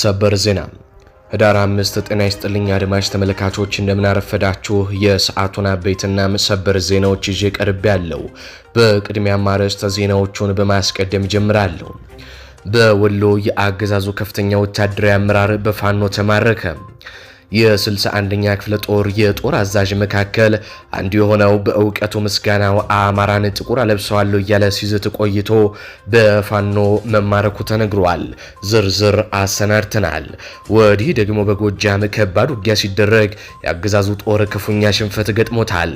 ሰበር ዜና ህዳር አምስት ጤና ይስጥልኝ አድማጭ ተመልካቾች፣ እንደምናረፈዳችሁ የሰዓቱን አበይትና ሰበር ዜናዎች ይዤ ቀርብ ያለው። በቅድሚያም አርዕስተ ዜናዎቹን በማስቀደም ጀምራለሁ። በወሎ የአገዛዙ ከፍተኛ ወታደራዊ አመራር በፋኖ ተማረከ። የ61ኛ ክፍለ ጦር የጦር አዛዥ መካከል አንዱ የሆነው በእውቀቱ ምስጋናው አማራን ጥቁር አለብሰዋለሁ እያለ ሲዝት ቆይቶ በፋኖ መማረኩ ተነግሯል። ዝርዝር አሰናድተናል። ወዲህ ደግሞ በጎጃም ከባድ ውጊያ ሲደረግ የአገዛዙ ጦር ክፉኛ ሽንፈት ገጥሞታል።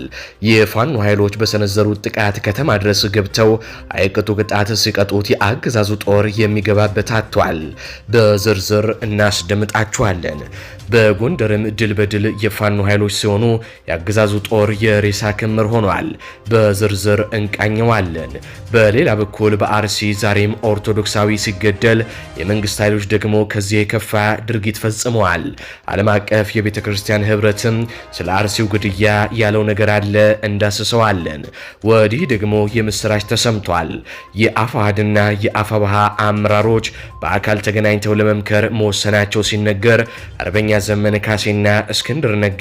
የፋኖ ኃይሎች በሰነዘሩት ጥቃት ከተማ ድረስ ገብተው አይቅጡ ቅጣት ሲቀጡት የአገዛዙ ጦር የሚገባበት አጥቷል። በዝርዝር እናስደምጣችኋለን። በጎንደ ጎንደርም ድል በድል የፋኖ ኃይሎች ሲሆኑ የአገዛዙ ጦር የሬሳ ክምር ሆኗል። በዝርዝር እንቃኘዋለን። በሌላ በኩል በአርሲ ዛሬም ኦርቶዶክሳዊ ሲገደል፣ የመንግስት ኃይሎች ደግሞ ከዚህ የከፋ ድርጊት ፈጽመዋል። ዓለም አቀፍ የቤተ ክርስቲያን ህብረትም ስለ አርሲው ግድያ ያለው ነገር አለ፣ እንዳስሰዋለን። ወዲህ ደግሞ የምስራች ተሰምቷል። የአፋሃድና የአፋባሃ አመራሮች በአካል ተገናኝተው ለመምከር መወሰናቸው ሲነገር አርበኛ ዘመነ ካሴና እስክንድር ነጋ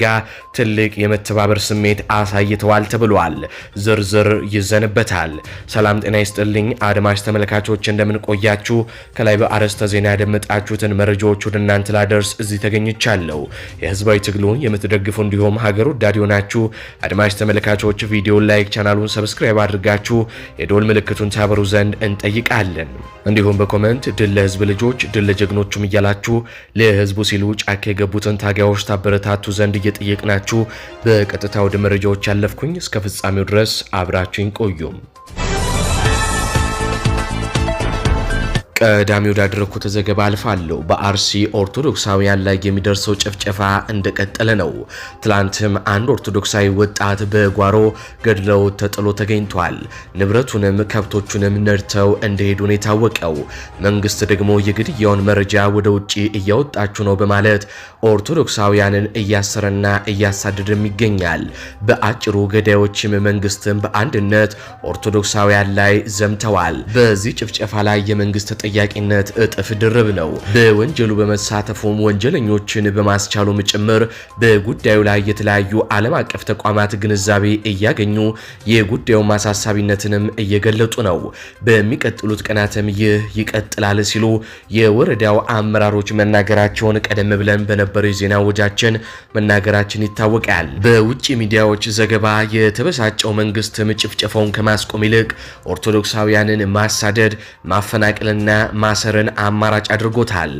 ትልቅ የመተባበር ስሜት አሳይተዋል ተብሏል። ዝርዝር ይዘንበታል። ሰላም ጤና ይስጥልኝ አድማጭ ተመልካቾች፣ እንደምንቆያችሁ ከላይ በአርዕስተ ዜና ያደመጣችሁትን መረጃዎች ወደ እናንተ ላደርስ እዚህ ተገኝቻለሁ። የህዝባዊ ትግሉን የምትደግፉ እንዲሁም ሀገር ወዳድ የሆናችሁ አድማጭ ተመልካቾች ቪዲዮን ላይክ፣ ቻናሉን ሰብስክራይብ አድርጋችሁ የዶል ምልክቱን ታበሩ ዘንድ እንጠይቃለን። እንዲሁም በኮመንት ድል ለህዝብ ልጆች፣ ድል ለጀግኖቹም እያላችሁ ለህዝቡ ሲሉ ጫካ የገቡትን ታገ መረጃዎች ታበረታቱ ዘንድ እየጠየቅናችሁ በቀጥታ ወደ መረጃዎች ያለፍኩኝ፣ እስከ ፍጻሜው ድረስ አብራችሁኝ ቆዩም። ቀዳሚ ወዳደረኩት ዘገባ አልፋለሁ። በአርሲ ኦርቶዶክሳውያን ላይ የሚደርሰው ጭፍጨፋ እንደቀጠለ ነው። ትላንትም አንድ ኦርቶዶክሳዊ ወጣት በጓሮ ገድለው ተጥሎ ተገኝቷል። ንብረቱንም ከብቶቹንም ነድተው እንደሄዱ ነው የታወቀው። መንግስት ደግሞ የግድያውን መረጃ ወደ ውጭ እያወጣችሁ ነው በማለት ኦርቶዶክሳውያንን እያሰረና እያሳደደም ይገኛል። በአጭሩ ገዳዮችም መንግስትም በአንድነት ኦርቶዶክሳውያን ላይ ዘምተዋል። በዚህ ጭፍጨፋ ላይ የመንግስት ተጠያቂነት እጥፍ ድርብ ነው። በወንጀሉ በመሳተፉም ወንጀለኞችን በማስቻሉም ጭምር በጉዳዩ ላይ የተለያዩ ዓለም አቀፍ ተቋማት ግንዛቤ እያገኙ የጉዳዩን ማሳሳቢነትንም እየገለጡ ነው። በሚቀጥሉት ቀናትም ይህ ይቀጥላል ሲሉ የወረዳው አመራሮች መናገራቸውን ቀደም ብለን በነበረው የዜና ወጃችን መናገራችን ይታወቃል። በውጭ ሚዲያዎች ዘገባ የተበሳጨው መንግስትም ጭፍጨፋውን ከማስቆም ይልቅ ኦርቶዶክሳውያንን ማሳደድ ማፈናቀልና ማሰርን አማራጭ አድርጎታል።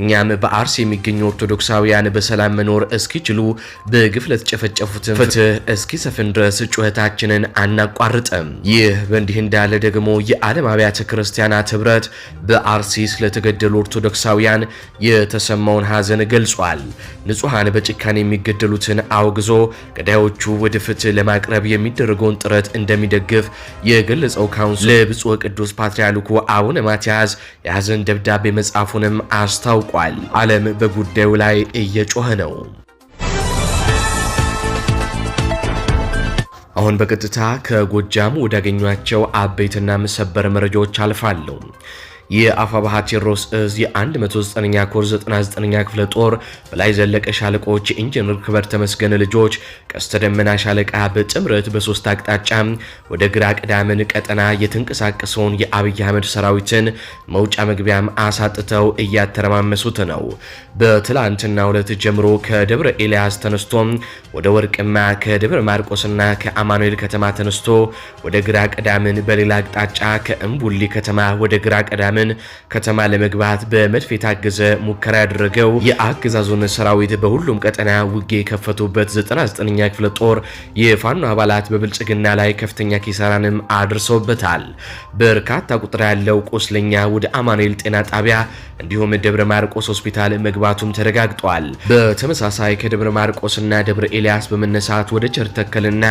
እኛም በአርሲ የሚገኙ ኦርቶዶክሳውያን በሰላም መኖር እስኪችሉ በግፍ ለተጨፈጨፉትን ፍትህ እስኪሰፍን ድረስ ጩኸታችንን አናቋርጥም። ይህ በእንዲህ እንዳለ ደግሞ የዓለም አብያተ ክርስቲያናት ህብረት በአርሲ ስለተገደሉ ኦርቶዶክሳውያን የተሰማውን ሐዘን ገልጿል። ንጹሐን በጭካኔ የሚገደሉትን አውግዞ ገዳዮቹ ወደ ፍትህ ለማቅረብ የሚደረገውን ጥረት እንደሚደግፍ የገለጸው ካውንስል ለብፁዕ ቅዱስ ፓትርያርኩ አቡነ ማትያስ የሐዘን ደብዳቤ መጻፉንም አስታውቋል። ዓለም በጉዳዩ ላይ እየጮኸ ነው። አሁን በቀጥታ ከጎጃም ወዳገኟቸው አበይትና መሰበር መረጃዎች አልፋለሁ። የአፋባሃ ቴዎድሮስ እዝ የ109ኛ ኮር 99ኛ ክፍለ ጦር በላይ ዘለቀ ሻለቆች የኢንጂነር ክበር ተመስገን ልጆች ቀስተ ደመና ሻለቃ በጥምረት በሶስት አቅጣጫ ወደ ግራ ቅዳምን ቀጠና የተንቀሳቀሰውን የአብይ አህመድ ሰራዊትን መውጫ መግቢያም አሳጥተው እያተረማመሱት ነው። በትላንትና ሁለት ጀምሮ ከደብረ ኤልያስ ተነስቶ ወደ ወርቅማ፣ ከደብረ ማርቆስና ከአማኑኤል ከተማ ተነስቶ ወደ ግራ ቀዳምን በሌላ አቅጣጫ ከእምቡሊ ከተማ ወደ ግራ ቀዳምን ሰላምን ከተማ ለመግባት በመድፍ የታገዘ ሙከራ ያደረገው የአገዛዙን ሰራዊት በሁሉም ቀጠና ውጌ የከፈቱበት 99ኛ ክፍለ ጦር የፋኖ አባላት በብልጽግና ላይ ከፍተኛ ኪሳራንም አድርሰውበታል። በርካታ ቁጥር ያለው ቁስለኛ ወደ አማኑኤል ጤና ጣቢያ እንዲሁም ደብረ ማርቆስ ሆስፒታል መግባቱም ተረጋግጧል። በተመሳሳይ ከደብረ ማርቆስና ደብረ ኤልያስ በመነሳት ወደ ቸርተከልና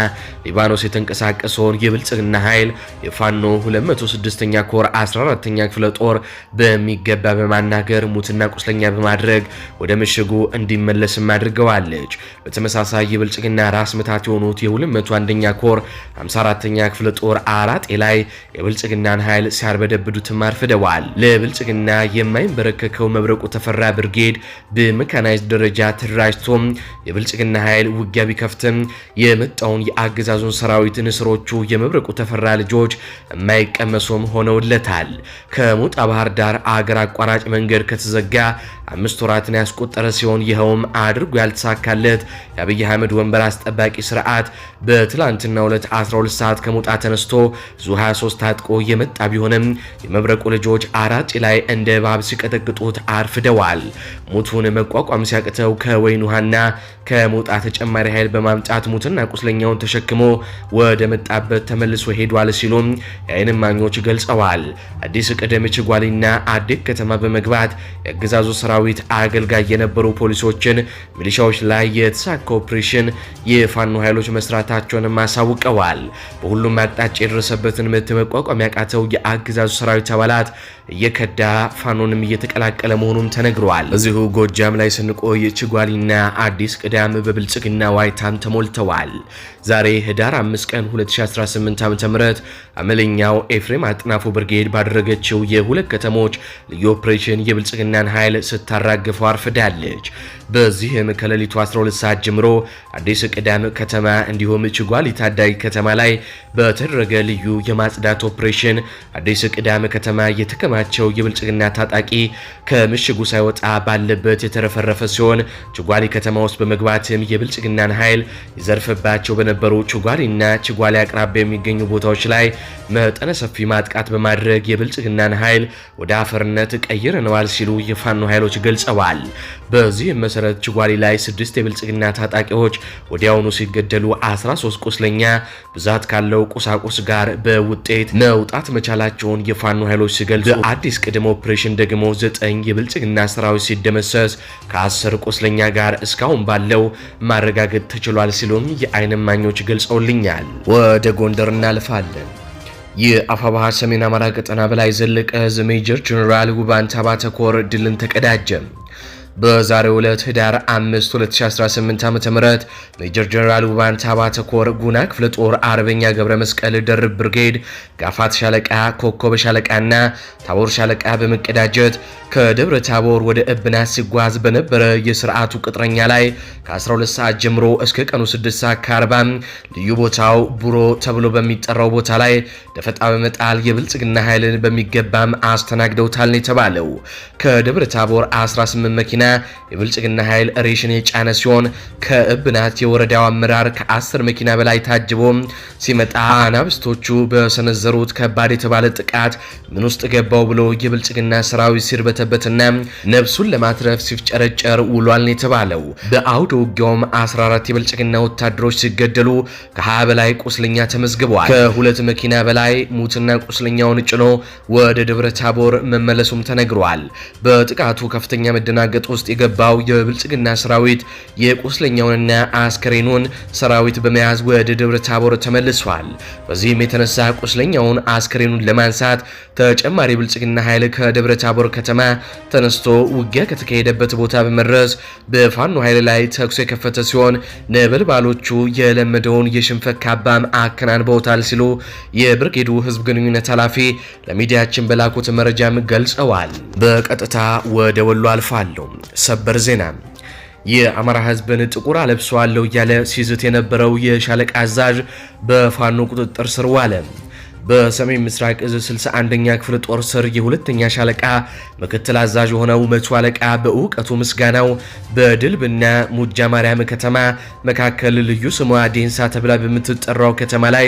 ሊባኖስ የተንቀሳቀሰውን የብልጽግና ኃይል የፋኖ 206ኛ ኮር 14ኛ ክፍለ ጦር በሚገባ በማናገር ሙትና ቁስለኛ በማድረግ ወደ ምሽጉ እንዲመለስም አድርገዋለች። በተመሳሳይ የብልጽግና ራስ ምታት የሆኑት የ201ኛ ኮር 54ኛ ክፍለ ጦር አራጤ ላይ የብልጽግናን ኃይል ሲያርበደብዱትም አርፍደዋል። ለብልጽግና የማይንበረከከው መብረቁ ተፈራ ብርጌድ በመካናይዝድ ደረጃ ተደራጅቶም የብልጽግና ኃይል ውጊያ ቢከፍትም የመጣውን የአገዛዙን ሰራዊት ንስሮቹ የመብረቁ ተፈራ ልጆች የማይቀመሱም ሆነውለታል። የሙጣ ባህር ዳር አገር አቋራጭ መንገድ ከተዘጋ አምስት ወራትን ያስቆጠረ ሲሆን ይኸውም አድርጎ ያልተሳካለት የአብይ አህመድ ወንበር አስጠባቂ ስርዓት በትላንትና ሁለት 12 ሰዓት ከሙጣ ተነስቶ ዙ 23 ታጥቆ የመጣ ቢሆንም የመብረቁ ልጆች አራጭ ላይ እንደ እባብ ሲቀጠቅጡት አርፍደዋል። ሙቱን መቋቋም ሲያቅተው ከወይን ውሃና ከሙጣ ተጨማሪ ኃይል በማምጣት ሙትና ቁስለኛውን ተሸክሞ ወደ መጣበት ተመልሶ ሄዷል ሲሉም የአይን እማኞች ገልጸዋል። አዲስ ቅደም ምችጓሌና አዴግ ከተማ በመግባት የአገዛዙ ሰራዊት አገልጋይ የነበሩ ፖሊሶችን ሚሊሻዎች ላይ የተሳካ ኦፕሬሽን የፋኖ ኃይሎች መስራታቸውንም አሳውቀዋል። በሁሉም አቅጣጫ የደረሰበትን ምት መቋቋም ያቃተው የአገዛዙ ሰራዊት አባላት እየከዳ ፋኖንም እየተቀላቀለ መሆኑም ተነግሯል። እዚሁ ጎጃም ላይ ስንቆይ ችጓሊና አዲስ ቅዳም በብልጽግና ዋይታም ተሞልተዋል። ዛሬ ህዳር 5 ቀን 2018 ም አመለኛው ኤፍሬም አጥናፉ ብርጌድ ባደረገችው የሁለት ከተሞች ልዩ ኦፕሬሽን የብልጽግናን ኃይል ስታራግፈው አርፍዳለች። በዚህም ከሌሊቱ 12 ሰዓት ጀምሮ አዲስ ቅዳም ከተማ እንዲሁም ችጓሊ ታዳጊ ከተማ ላይ በተደረገ ልዩ የማጽዳት ኦፕሬሽን አዲስ ቅዳም ከተማ የተከማቸው የብልጽግና ታጣቂ ከምሽጉ ሳይወጣ ባለበት የተረፈረፈ ሲሆን ችጓሊ ከተማ ውስጥ በመግባትም የብልጽግናን ኃይል ይዘርፍባቸው በነበሩ ችጓሊና ችጓሊ አቅራቢያ የሚገኙ ቦታዎች ላይ መጠነ ሰፊ ማጥቃት በማድረግ የብልጽግናን ኃይል ኃይል ወደ አፈርነት ቀይረነዋል ሲሉ የፋኖ ኃይሎች ገልጸዋል። በዚህም መሰረት ችጓሊ ላይ ስድስት የብልጽግና ታጣቂዎች ወዲያውኑ ሲገደሉ 13 ቁስለኛ ብዛት ካለው ቁሳቁስ ጋር በውጤት መውጣት መቻላቸውን የፋኖ ኃይሎች ሲገልጹ በአዲስ ቅድመ ኦፕሬሽን ደግሞ ዘጠኝ የብልጽግና ሰራዊት ሲደመሰስ ከአስር ቁስለኛ ጋር እስካሁን ባለው ማረጋገጥ ተችሏል ሲሉም የአይን እማኞች ገልጸውልኛል። ወደ ጎንደር እናልፋለን። የአፋባሃ ሰሜን አማራ ቀጠና በላይ ዘለቀ ህዝብ ሜጀር ጀኔራል ውባንተ አባተ ድልን ተቀዳጀ። በዛሬ ዕለት ህዳር 5 2018 ዓ ም ሜጀር ጀነራል ውባንታ አባተ ኮር ጉና ክፍለ ጦር አርበኛ ገብረ መስቀል ደርብ ብርጌድ ጋፋት ሻለቃ ኮከበ ሻለቃና ታቦር ሻለቃ በመቀዳጀት ከደብረ ታቦር ወደ እብናት ሲጓዝ በነበረ የስርዓቱ ቅጥረኛ ላይ ከ12 ሰዓት ጀምሮ እስከ ቀኑ 6 ሰዓት ከ ልዩ ቦታው ቡሮ ተብሎ በሚጠራው ቦታ ላይ ደፈጣ በመጣል የብልጽግና ኃይልን በሚገባም አስተናግደውታል ነው የተባለው። ከደብረ ታቦር 18 መኪና የብልጽግና ኃይል ሬሽን የጫነ ሲሆን ከእብናት የወረዳው አመራር ከ10 መኪና በላይ ታጅቦ ሲመጣ አናብስቶቹ በሰነዘሩት ከባድ የተባለ ጥቃት ምን ውስጥ ገባው ብሎ የብልጽግና ሰራዊት ሲርበተበትና ነፍሱን ለማትረፍ ሲፍጨረጨር ውሏል ነው የተባለው። በአውደ ውጊያውም 14 የብልጽግና ወታደሮች ሲገደሉ ከ20 በላይ ቁስለኛ ተመዝግበዋል። ከሁለት መኪና በላይ ሙትና ቁስለኛውን ጭኖ ወደ ደብረ ታቦር መመለሱም ተነግሯል። በጥቃቱ ከፍተኛ መደናገጡ ውስጥ የገባው የብልጽግና ሰራዊት የቁስለኛውንና አስከሬኑን ሰራዊት በመያዝ ወደ ደብረ ታቦር ተመልሷል። በዚህም የተነሳ ቁስለኛውን አስከሬኑን ለማንሳት ተጨማሪ ብልጽግና ኃይል ከደብረ ታቦር ከተማ ተነስቶ ውጊያ ከተካሄደበት ቦታ በመድረስ በፋኖ ኃይል ላይ ተኩሶ የከፈተ ሲሆን ነበልባሎቹ የለመደውን የሽንፈት ካባም አከናንበውታል ሲሉ የብርጌዱ ህዝብ ግንኙነት ኃላፊ ለሚዲያችን በላኩት መረጃም ገልጸዋል። በቀጥታ ወደ ወሎ አልፋለሁ። ሰበር ዜና የአማራ ህዝብን ጥቁር አለብሰዋለሁ እያለ ሲዝት የነበረው የሻለቃ አዛዥ በፋኖ ቁጥጥር ስር ዋለ። በሰሜን ምስራቅ እዝ 61ኛ ክፍለ ጦር ስር የሁለተኛ ሻለቃ ምክትል አዛዥ የሆነው መቶ አለቃ በእውቀቱ ምስጋናው በድልብና ሙጃ ማርያም ከተማ መካከል ልዩ ስሟ ዴንሳ ተብላ በምትጠራው ከተማ ላይ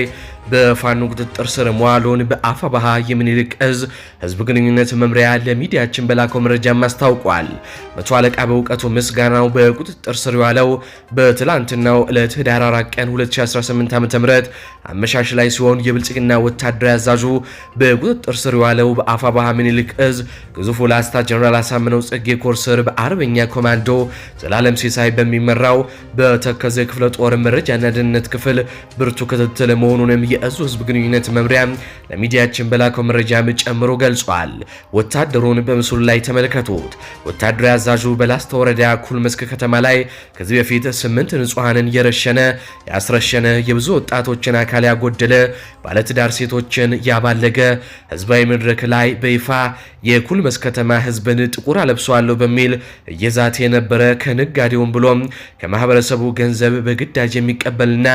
በፋኖ ቁጥጥር ስር መዋሉን በአፋባሃ የምኒልክ እዝ ህዝብ ግንኙነት መምሪያ ለሚዲያችን በላከው መረጃም አስታውቋል። መቶ አለቃ በእውቀቱ ምስጋናው በቁጥጥር ስር የዋለው በትላንትናው ዕለት ህዳር 4 ቀን 2018 ዓ ም አመሻሽ ላይ ሲሆን የብልጽግና ወታ ወታደራዊ አዛዡ በቁጥጥር ስር የዋለው በአፋባሃ ምኒልክ እዝ ግዙፉ ላስታ ጀነራል አሳምነው ጽጌ ኮር ስር በአርበኛ ኮማንዶ ዘላለም ሲሳይ በሚመራው በተከዘ ክፍለ ጦር መረጃና ደህንነት ክፍል ብርቱ ክትትል መሆኑንም የእዙ ህዝብ ግንኙነት መምሪያ ለሚዲያችን በላከው መረጃም ጨምሮ ገልጿል። ወታደሩን በምስሉ ላይ ተመልከቱት። ወታደራዊ አዛዡ በላስታ ወረዳ ኩል መስክ ከተማ ላይ ከዚህ በፊት ስምንት ንጹሐንን የረሸነ ያስረሸነ የብዙ ወጣቶችን አካል ያጎደለ ባለትዳር ሴት ስኬቶችን ያባለገ ህዝባዊ መድረክ ላይ በይፋ የኩልመስ ከተማ ህዝብን ጥቁር አለብሰዋለሁ በሚል እየዛተ የነበረ ከነጋዴውም ብሎም ከማህበረሰቡ ገንዘብ በግዳጅ የሚቀበልና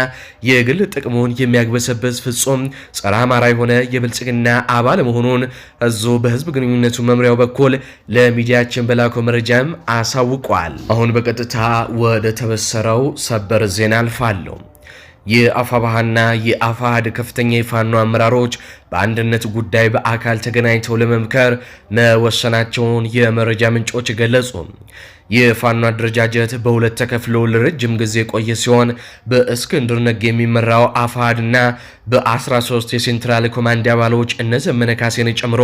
የግል ጥቅሙን የሚያግበሰብስ ፍጹም ጸረ አማራ የሆነ የብልጽግና አባል መሆኑን እዙ በህዝብ ግንኙነቱ መምሪያው በኩል ለሚዲያችን በላከው መረጃም አሳውቋል። አሁን በቀጥታ ወደ ተበሰረው ሰበር ዜና አልፋለሁ። የአፋባሃና የአፋሃድ ከፍተኛ የፋኖ አመራሮች በአንድነት ጉዳይ በአካል ተገናኝተው ለመምከር መወሰናቸውን የመረጃ ምንጮች ገለጹ። የፋኖ አደረጃጀት በሁለት ተከፍሎ ለረጅም ጊዜ የቆየ ሲሆን በእስክንድር ነግ የሚመራው አፋሃድና በ13 የሴንትራል ኮማንድ አባሎች እነ ዘመነ ካሴን ጨምሮ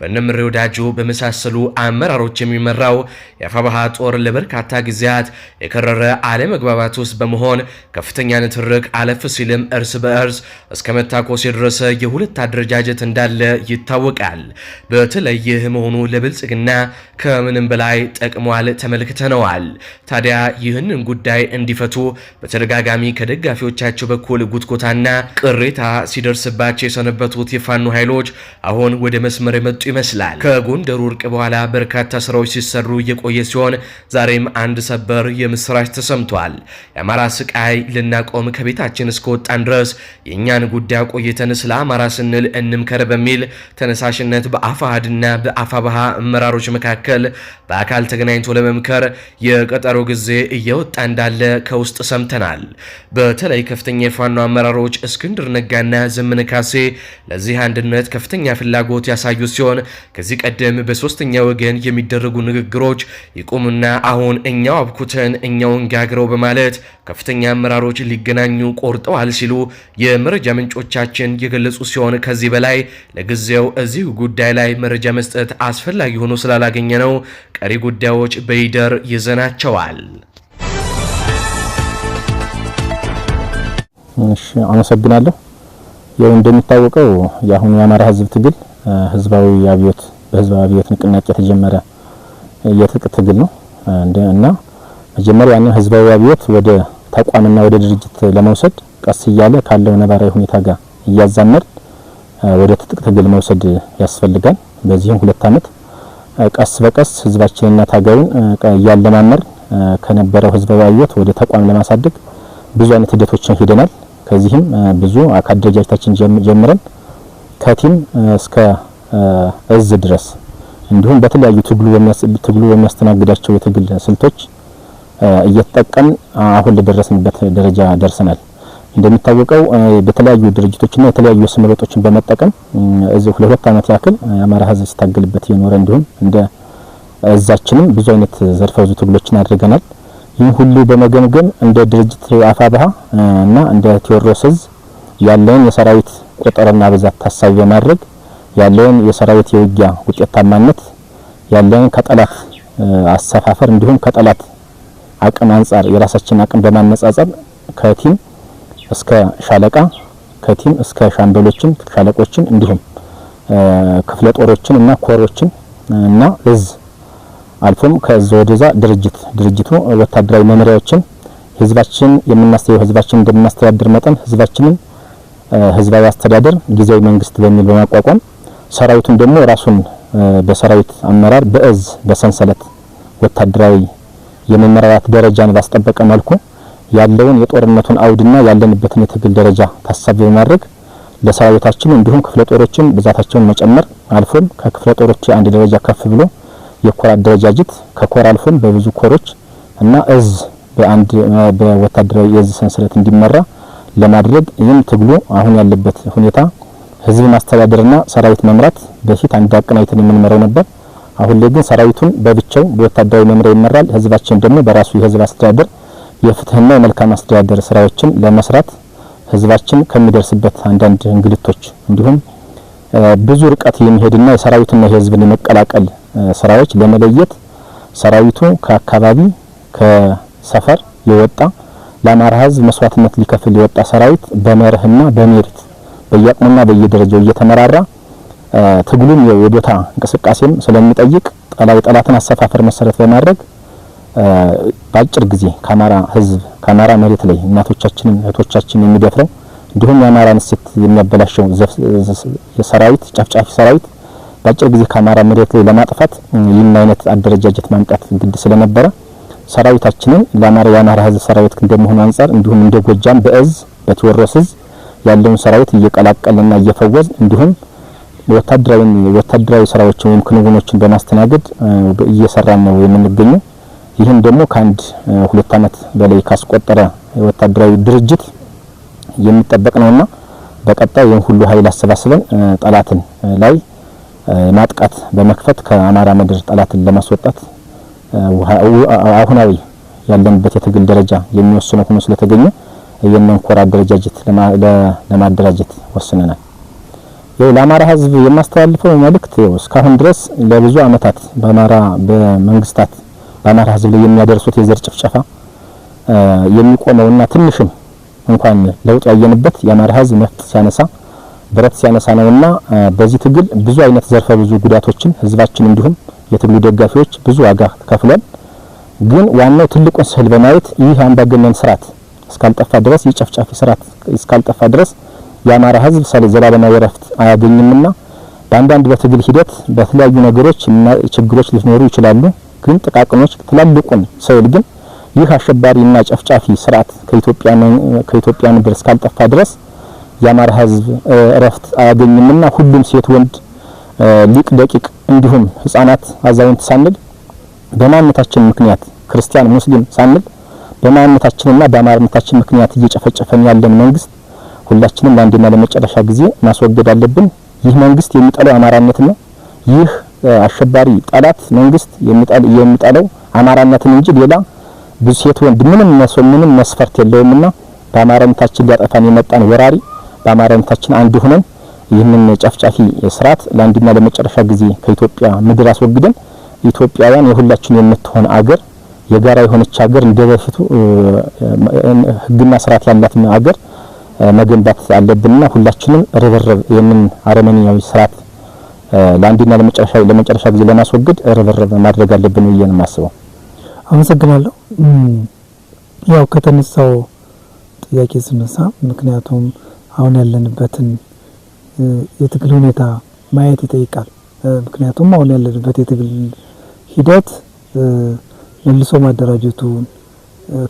በነምሬ ወዳጁ በመሳሰሉ አመራሮች የሚመራው የአፋባሃ ጦር ለበርካታ ጊዜያት የከረረ አለመግባባት ውስጥ በመሆን ከፍተኛ ንትርክ አለፍ ሲልም እርስ በእርስ እስከ መታኮስ የደረሰ የሁለት አደረጃጀት እንዳለ ይታወቃል። በተለይ ይህ መሆኑ ለብልጽግና ከምንም በላይ ጠቅሟል ተመለ ተመልክተነዋል። ታዲያ ይህንን ጉዳይ እንዲፈቱ በተደጋጋሚ ከደጋፊዎቻቸው በኩል ጉትጎታና ቅሬታ ሲደርስባቸው የሰነበቱት የፋኖ ኃይሎች አሁን ወደ መስመር የመጡ ይመስላል። ከጎንደሩ እርቅ በኋላ በርካታ ስራዎች ሲሰሩ የቆየ ሲሆን ዛሬም አንድ ሰበር የምስራች ተሰምቷል። የአማራ ስቃይ ልናቆም ከቤታችን እስከወጣን ድረስ የእኛን ጉዳይ ቆይተን ስለ አማራ ስንል እንምከር በሚል ተነሳሽነት በአፋሃድና በአፋባሃ አመራሮች መካከል በአካል ተገናኝቶ ለመምከር ለመምከር የቀጠሮ ጊዜ እየወጣ እንዳለ ከውስጥ ሰምተናል። በተለይ ከፍተኛ የፋኖ አመራሮች እስክንድር ነጋና ዘመነ ካሴ ለዚህ አንድነት ከፍተኛ ፍላጎት ያሳዩ ሲሆን ከዚህ ቀደም በሶስተኛ ወገን የሚደረጉ ንግግሮች ይቁሙና አሁን እኛው አብኩተን እኛውን ጋግረው በማለት ከፍተኛ አመራሮች ሊገናኙ ቆርጠዋል ሲሉ የመረጃ ምንጮቻችን የገለጹ ሲሆን ከዚህ በላይ ለጊዜው እዚሁ ጉዳይ ላይ መረጃ መስጠት አስፈላጊ ሆኖ ስላላገኘ ነው ቀሪ ጉዳዮች በይደ አየር ይዘናቸዋል። እሺ፣ አመሰግናለሁ። ያው እንደሚታወቀው የአሁኑ የአማራ ህዝብ ትግል ህዝባዊ አብዮት በህዝባዊ አብዮት ንቅናቄ የተጀመረ የትጥቅ ትግል ነው እና መጀመሪያ ያንን ህዝባዊ አብዮት ወደ ተቋምና ወደ ድርጅት ለመውሰድ ቀስ እያለ ካለው ነባራዊ ሁኔታ ጋር እያዛመድ ወደ ትጥቅ ትግል መውሰድ ያስፈልጋል። በዚህም ሁለት አመት ቀስ በቀስ ህዝባችንና ታጋዩን እያለማመር ከነበረው ህዝባዊ አብዮት ወደ ተቋም ለማሳደግ ብዙ አይነት ሂደቶችን ሂደናል። ከዚህም ብዙ ከአደረጃጀታችን ጀምረን ከቲም እስከ እዝ ድረስ እንዲሁም በተለያዩ ትግሉ በሚያስተናግዳቸው የትግል ስልቶች እየተጠቀምን አሁን ለደረስንበት ደረጃ ደርሰናል። እንደሚታወቀው በተለያዩ ድርጅቶችና የተለያዩ ስምሪቶችን በመጠቀም እዚሁ ለሁለት ዓመት ያክል አማራ ሕዝብ ሲታገልበት የኖረ እንዲሁም እንደ እዛችንም ብዙ አይነት ዘርፈ ብዙ ትግሎችን አድርገናል። ይህ ሁሉ በመገምገም እንደ ድርጅት አፋብኃ እና እንደ ቴዎድሮስ እዝ ያለውን የሰራዊት ቁጥርና ብዛት ታሳቢ በማድረግ ያለውን የሰራዊት የውጊያ ውጤታማነት ያለውን ከጠላት አሰፋፈር እንዲሁም ከጠላት አቅም አንጻር የራሳችን አቅም በማነጻጸር ከቲም እስከ ሻለቃ ከቲም እስከ ሻምበሎችን ሻለቆችን እንዲሁም ክፍለ ጦሮችን እና ኮሮችን እና እዝ አልፎም ከዛ ወደዛ ድርጅት ድርጅቱ ወታደራዊ መመሪያዎችን ህዝባችን የምናስተያየው ህዝባችን እንደምናስተዳድር መጠን ህዝባችንን ህዝባዊ አስተዳደር ጊዜያዊ መንግስት በሚል በማቋቋም ሰራዊቱን ደግሞ ራሱን በሰራዊት አመራር በእዝ በሰንሰለት ወታደራዊ የመመራራት ደረጃን ባስጠበቀ መልኩ ያለውን የጦርነቱን አውድና ያለንበትን የትግል ደረጃ ታሳቢ በማድረግ ለሰራዊታችን እንዲሁም ክፍለ ጦሮችን ብዛታቸውን መጨመር አልፎም ከክፍለ ጦሮች አንድ ደረጃ ከፍ ብሎ የኮር አደረጃጀት ከኮር አልፎም በብዙ ኮሮች እና እዝ በአንድ በወታደራዊ የእዝ ሰንሰለት እንዲመራ ለማድረግ ይህም ትግሉ አሁን ያለበት ሁኔታ ህዝብ ማስተዳደርና ሰራዊት መምራት በፊት አንድ አቀናይተን የምንመራው ነበር። አሁን ላይ ግን ሰራዊቱን በብቻው በወታደራዊ መምሪያ ይመራል። ህዝባችን ደግሞ በራሱ የህዝብ አስተዳደር የፍትህና የመልካም አስተዳደር ስራዎችን ለመስራት ህዝባችን ከሚደርስበት አንዳንድ እንግልቶች እንዲሁም ብዙ ርቀት የሚሄድና የሰራዊትና የህዝብን የመቀላቀል ስራዎች ለመለየት ሰራዊቱ ከአካባቢ ከሰፈር የወጣ ለአማራ ህዝብ መስዋዕትነት ሊከፍል የወጣ ሰራዊት በመርህና በሜሪት በየአቅሙና በየደረጃው እየተመራራ ትግሉም የቦታ እንቅስቃሴም ስለሚጠይቅ ጠላይ ጠላትን አሰፋፈር መሰረት በማድረግ በአጭር ጊዜ ከአማራ ህዝብ ከአማራ መሬት ላይ እናቶቻችንን እህቶቻችንን የሚደፍረው እንዲሁም የአማራን እሴት የሚያበላሸው ሰራዊት ጨፍጫፊ ሰራዊት በአጭር ጊዜ ከአማራ መሬት ላይ ለማጥፋት ይህን አይነት አደረጃጀት ማምጣት ግድ ስለነበረ ሰራዊታችንን ለአማራ የአማራ ህዝብ ሰራዊት እንደመሆኑ አንጻር እንዲሁም እንደ ጎጃም በእዝ በቴዎድሮስ እዝ ያለውን ሰራዊት እየቀላቀልና እየፈወዝ እንዲሁም ወታደራዊ ወታደራዊ ስራዎችን ወይም ክንውኖችን በማስተናገድ እየሰራን ነው የምንገኘው። ይህም ደግሞ ከአንድ ሁለት ዓመት በላይ ካስቆጠረ ወታደራዊ ድርጅት የሚጠበቅ ነውና በቀጣይ ይህን ሁሉ ኃይል አሰባስበን ጠላትን ላይ ማጥቃት በመክፈት ከአማራ ምድር ጠላትን ለማስወጣት አሁናዊ ያለንበት የትግል ደረጃ የሚወስነው ሆኖ ስለተገኘ የነን ኮር አደረጃጀት ለማደራጀት ወስነናል። ይኸው ለአማራ ሕዝብ የማስተላልፈው መልእክት እስካሁን ድረስ ለብዙ አመታት በአማራ በመንግስታት በአማራ ህዝብ ላይ የሚያደርሱት የዘር ጭፍጨፋ የሚቆመውና ትንሽም እንኳን ለውጥ ያየንበት የአማራ ህዝብ መፍት ሲያነሳ ብረት ሲያነሳ ነውና በዚህ ትግል ብዙ አይነት ዘርፈ ብዙ ጉዳቶችን ህዝባችን እንዲሁም የትግሉ ደጋፊዎች ብዙ ዋጋ ከፍሏል። ግን ዋናው ትልቁን ስዕል በማየት ይህ አምባገነን ስርዓት እስካልጠፋ ድረስ ይህ ጨፍጫፊ ስርዓት እስካልጠፋ ድረስ የአማራ ህዝብ ሰለ ዘላለማዊ ረፍት አያገኝምና በአንዳንድ በትግል ሂደት በተለያዩ ነገሮች ችግሮች ሊኖሩ ይችላሉ። ግን ጥቃቅኖች ትላልቁን ሳይል ግን ይህ አሸባሪና ጨፍጫፊ ስርዓት ከኢትዮጵያ ምድር እስካልጠፋ ድረስ የአማራ ህዝብ እረፍት አያገኝምና ሁሉም ሴት፣ ወንድ፣ ሊቅ፣ ደቂቅ እንዲሁም ህፃናት አዛውንት ሳንል በማንነታችን ምክንያት ክርስቲያን፣ ሙስሊም ሳንል በማንነታችንና በአማራነታችን ምክንያት እየጨፈጨፈን ያለን መንግስት ሁላችንም ለአንዴና ለመጨረሻ ጊዜ ማስወገድ አለብን። ይህ መንግስት የሚጠላው አማራነት ነው። ይህ አሸባሪ ጠላት መንግስት የሚጠላው አማራነትን እንጂ ሌላ ብዙ ሴት ወንድ ምንም መስፈ ምንም መስፈርት የለውምና በአማራነታችን ሊያጠፋን የመጣን ወራሪ በአማራነታችን አንድ ሆነን ይህንን ጨፍጫፊ ስርዓት ለአንድና ለመጨረሻ ጊዜ ከኢትዮጵያ ምድር አስወግደን ኢትዮጵያውያን የሁላችን የምትሆን አገር የጋራ የሆነች አገር እንደበፊቱ ህግና ስርዓት ያላት አገር መገንባት አለብንና ሁላችንም ርብርብ ይህንን አረመኔያዊ ስርዓት ለአንድና ለመጨረሻ ጊዜ ለማስወገድ ርብርብ ማድረግ አለብን ብዬ ነው የማስበው። አመሰግናለሁ። ያው ከተነሳው ጥያቄ ስነሳ ምክንያቱም አሁን ያለንበትን የትግል ሁኔታ ማየት ይጠይቃል። ምክንያቱም አሁን ያለንበት የትግል ሂደት መልሶ ማደራጀቱ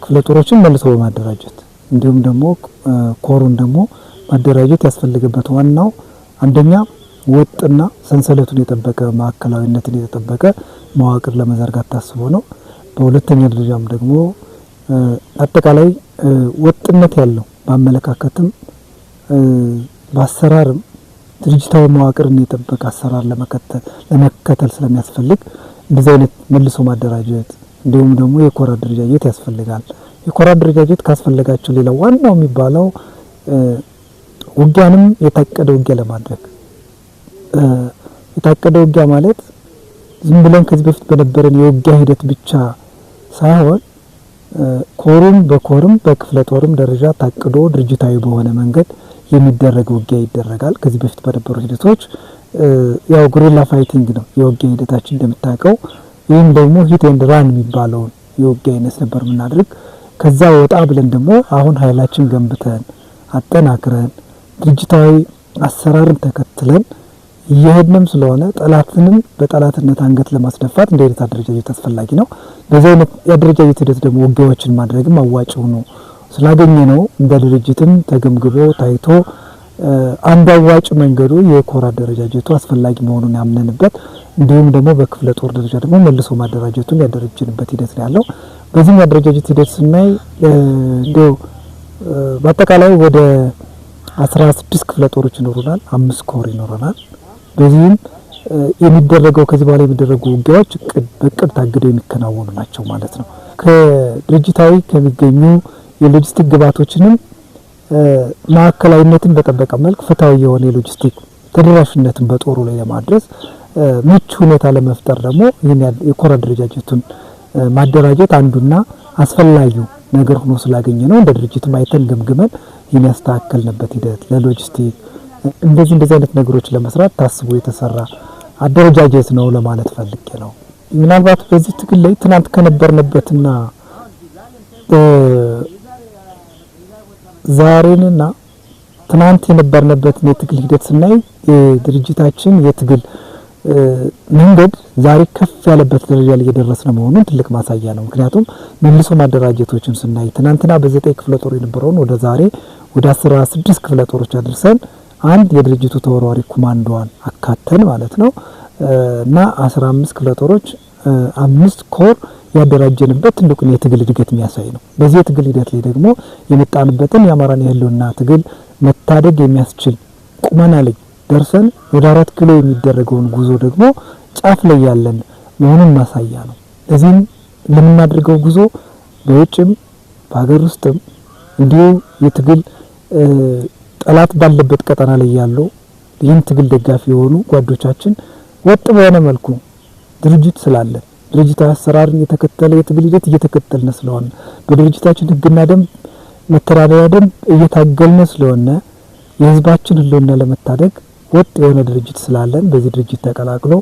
ክፍለ ጦሮችን መልሶ በማደራጀት እንዲሁም ደግሞ ኮሩን ደግሞ ማደራጀት ያስፈልግበት ዋናው አንደኛ ወጥና ሰንሰለቱን የጠበቀ ማዕከላዊነትን የተጠበቀ መዋቅር ለመዘርጋት ታስቦ ነው። በሁለተኛ ደረጃም ደግሞ አጠቃላይ ወጥነት ያለው በአመለካከትም በአሰራርም ድርጅታዊ መዋቅርን የጠበቀ አሰራር ለመከተል ስለሚያስፈልግ እንደዚህ አይነት መልሶ ማደራጀት እንዲሁም ደግሞ የኮር አደረጃጀት ያስፈልጋል። የኮር አደረጃጀት ካስፈለጋቸው ሌላ ዋናው የሚባለው ውጊያንም የታቀደ ውጊያ ለማድረግ የታቀደ ውጊያ ማለት ዝም ብለን ከዚህ በፊት በነበረን የውጊያ ሂደት ብቻ ሳይሆን ኮሩም በኮርም በክፍለ ጦርም ደረጃ ታቅዶ ድርጅታዊ በሆነ መንገድ የሚደረግ ውጊያ ይደረጋል። ከዚህ በፊት በነበሩ ሂደቶች ያው ጉሪላ ፋይቲንግ ነው የውጊያ ሂደታችን እንደምታውቀው። ይህም ደግሞ ሂት ኤንድ ራን የሚባለውን የውጊያ አይነት ነበር የምናደርግ። ከዛ ወጣ ብለን ደግሞ አሁን ኃይላችን ገንብተን አጠናክረን ድርጅታዊ አሰራርን ተከትለን እየሄድንም ስለሆነ ጠላትንም በጠላትነት አንገት ለማስደፋት እንደ አይነት አደረጃጀት አስፈላጊ ነው። በዚህ አይነት የአደረጃጀት ሂደት ደግሞ ውጊያዎችን ማድረግም አዋጭ ሆኖ ስላገኘ ነው እንደ ድርጅትም ተገምግሮ ታይቶ አንዱ አዋጭ መንገዱ የኮር አደረጃጀቱ አስፈላጊ መሆኑን ያምነንበት እንዲሁም ደግሞ በክፍለ ጦር ደረጃ ደግሞ መልሶ ማደራጀቱን ያደረጅንበት ሂደት ነው ያለው። በዚህም የአደረጃጀት ሂደት ስናይ እንዲያው በአጠቃላይ ወደ አስራ ስድስት ክፍለ ጦሮች ይኖሩናል። አምስት ኮር ይኖረናል። በዚህም የሚደረገው ከዚህ በኋላ የሚደረጉ ውጊያዎች በቅድ ታግደው የሚከናወኑ ናቸው ማለት ነው። ከድርጅታዊ ከሚገኙ የሎጂስቲክ ግብዓቶችንም ማዕከላዊነትን በጠበቀ መልክ ፍትሐዊ የሆነ የሎጂስቲክ ተደራሽነትን በጦሩ ላይ ለማድረስ ምቹ ሁኔታ ለመፍጠር ደግሞ ይህን የኮር አደረጃጀቱን ማደራጀት አንዱና አስፈላጊው ነገር ሆኖ ስላገኘ ነው። እንደ ድርጅትም አይተን ገምግመን ይህን ያስተካከልንበት ሂደት ለሎጂስቲክ እንደዚህ እንደዚህ አይነት ነገሮች ለመስራት ታስቦ የተሰራ አደረጃጀት ነው ለማለት ፈልጌ ነው። ምናልባት በዚህ ትግል ላይ ትናንት ከነበርንበትና ዛሬንና ትናንት የነበርንበትን የትግል ሂደት ስናይ ድርጅታችን የትግል መንገድ ዛሬ ከፍ ያለበት ደረጃ ላይ የደረስን መሆኑን ትልቅ ማሳያ ነው። ምክንያቱም መልሶ ማደራጀቶችን ስናይ ትናንትና በዘጠኝ ክፍለ ጦር የነበረውን ወደ ዛሬ ወደ አስራ ስድስት ክፍለ ጦሮች አድርሰን አንድ የድርጅቱ ተወርዋሪ ኮማንዶዋን አካተን ማለት ነው እና አስራ አምስት ክፍለ ጦሮች አምስት ኮር ያደራጀንበት ትልቁን የትግል እድገት የሚያሳይ ነው። በዚህ የትግል ሂደት ላይ ደግሞ የመጣንበትን የአማራን የህልውና ትግል መታደግ የሚያስችል ቁመና ላይ ደርሰን ወደ አራት ኪሎ የሚደረገውን ጉዞ ደግሞ ጫፍ ላይ ያለን መሆኑን ማሳያ ነው። ለዚህም ለምናደርገው ጉዞ በውጭም በሀገር ውስጥም እንዲሁ የትግል ጠላት ባለበት ቀጠና ላይ ያለው ይህን ትግል ደጋፊ የሆኑ ጓዶቻችን ወጥ በሆነ መልኩ ድርጅት ስላለን ድርጅታዊ አሰራርን የተከተለ የትግል ሂደት እየተከተልን ስለሆነ በድርጅታችን ህግና ደንብ መተዳደሪያ ደንብ እየታገልን ስለሆነ የህዝባችን ህልውና ለመታደግ ወጥ የሆነ ድርጅት ስላለን በዚህ ድርጅት ተቀላቅሎ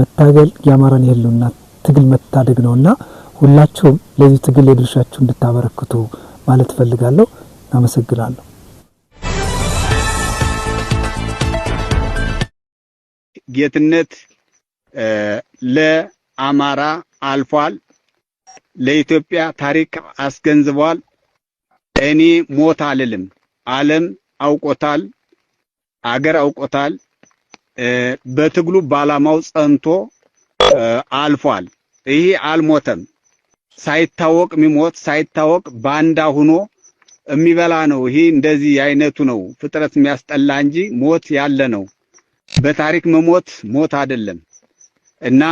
መታገል የአማራን የሕልውና ትግል መታደግ ነውና ሁላችሁም ለዚህ ትግል የድርሻችሁ እንድታበረክቱ ማለት እፈልጋለሁ። አመሰግናለሁ። ጌትነት ለአማራ አልፏል፣ ለኢትዮጵያ ታሪክ አስገንዝቧል። እኔ ሞት አልልም። ዓለም አውቆታል፣ አገር አውቆታል። በትግሉ ባላማው ጸንቶ አልፏል። ይሄ አልሞተም። ሳይታወቅ የሚሞት ሳይታወቅ ባንዳ ሁኖ የሚበላ ነው። ይሄ እንደዚህ አይነቱ ነው ፍጥረት የሚያስጠላ እንጂ ሞት ያለ ነው። በታሪክ መሞት ሞት አይደለም እና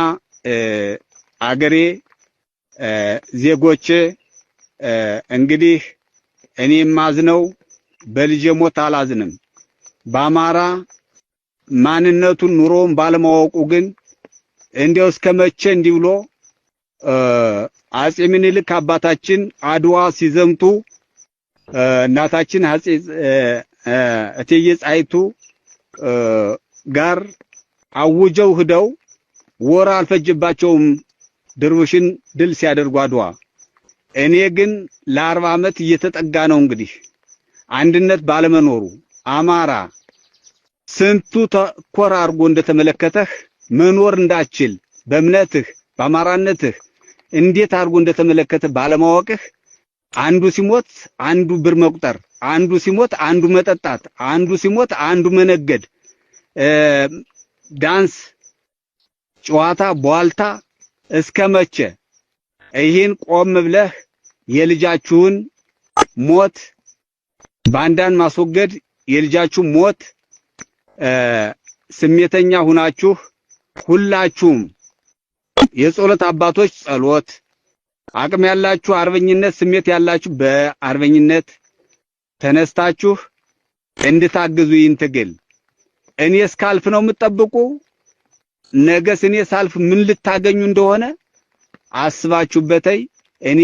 አገሬ ዜጎቼ እንግዲህ እኔ የማዝነው በልጄ ሞት አላዝንም። በአማራ ማንነቱን ኑሮውን ባለማወቁ ግን እንዲያው እስከ መቼ እንዲህ ብሎ አጼ ምኒልክ አባታችን አድዋ ሲዘምቱ እናታችን እቴጌ ጣይቱ ጋር አውጀው ሂደው ወር አልፈጅባቸውም ድርብሽን ድል ሲያደርጉ አድዋ። እኔ ግን ለአርባ ዓመት እየተጠጋ ነው እንግዲህ አንድነት ባለመኖሩ አማራ ስንቱ ተኮር አድርጎ እንደተመለከተህ መኖር እንዳችል በእምነትህ በአማራነትህ እንዴት አድርጎ እንደተመለከተ ባለማወቅህ አንዱ ሲሞት አንዱ ብር መቁጠር፣ አንዱ ሲሞት አንዱ መጠጣት፣ አንዱ ሲሞት አንዱ መነገድ ዳንስ፣ ጨዋታ፣ ቧልታ እስከ መቼ? ይህን ቆም ብለህ የልጃችሁን ሞት ባንዳን ማስወገድ የልጃችሁ ሞት ስሜተኛ ሁናችሁ ሁላችሁም የጸሎት አባቶች ጸሎት፣ አቅም ያላችሁ አርበኝነት ስሜት ያላችሁ በአርበኝነት ተነስታችሁ እንድታግዙ ይህን ትግል እኔ እስካልፍ ነው የምጠብቁ? ነገስ እኔ ሳልፍ ምን ልታገኙ እንደሆነ አስባችሁበተይ እኔ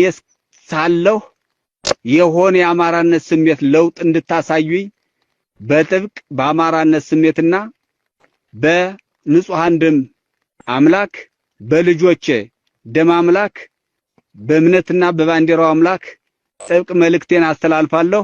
ሳለሁ የሆነ የአማራነት ስሜት ለውጥ እንድታሳዩኝ በጥብቅ በአማራነት ስሜትና በንጹሃን ደም አምላክ በልጆቼ ደም አምላክ በእምነትና በባንዲራው አምላክ ጥብቅ መልእክቴን አስተላልፋለሁ።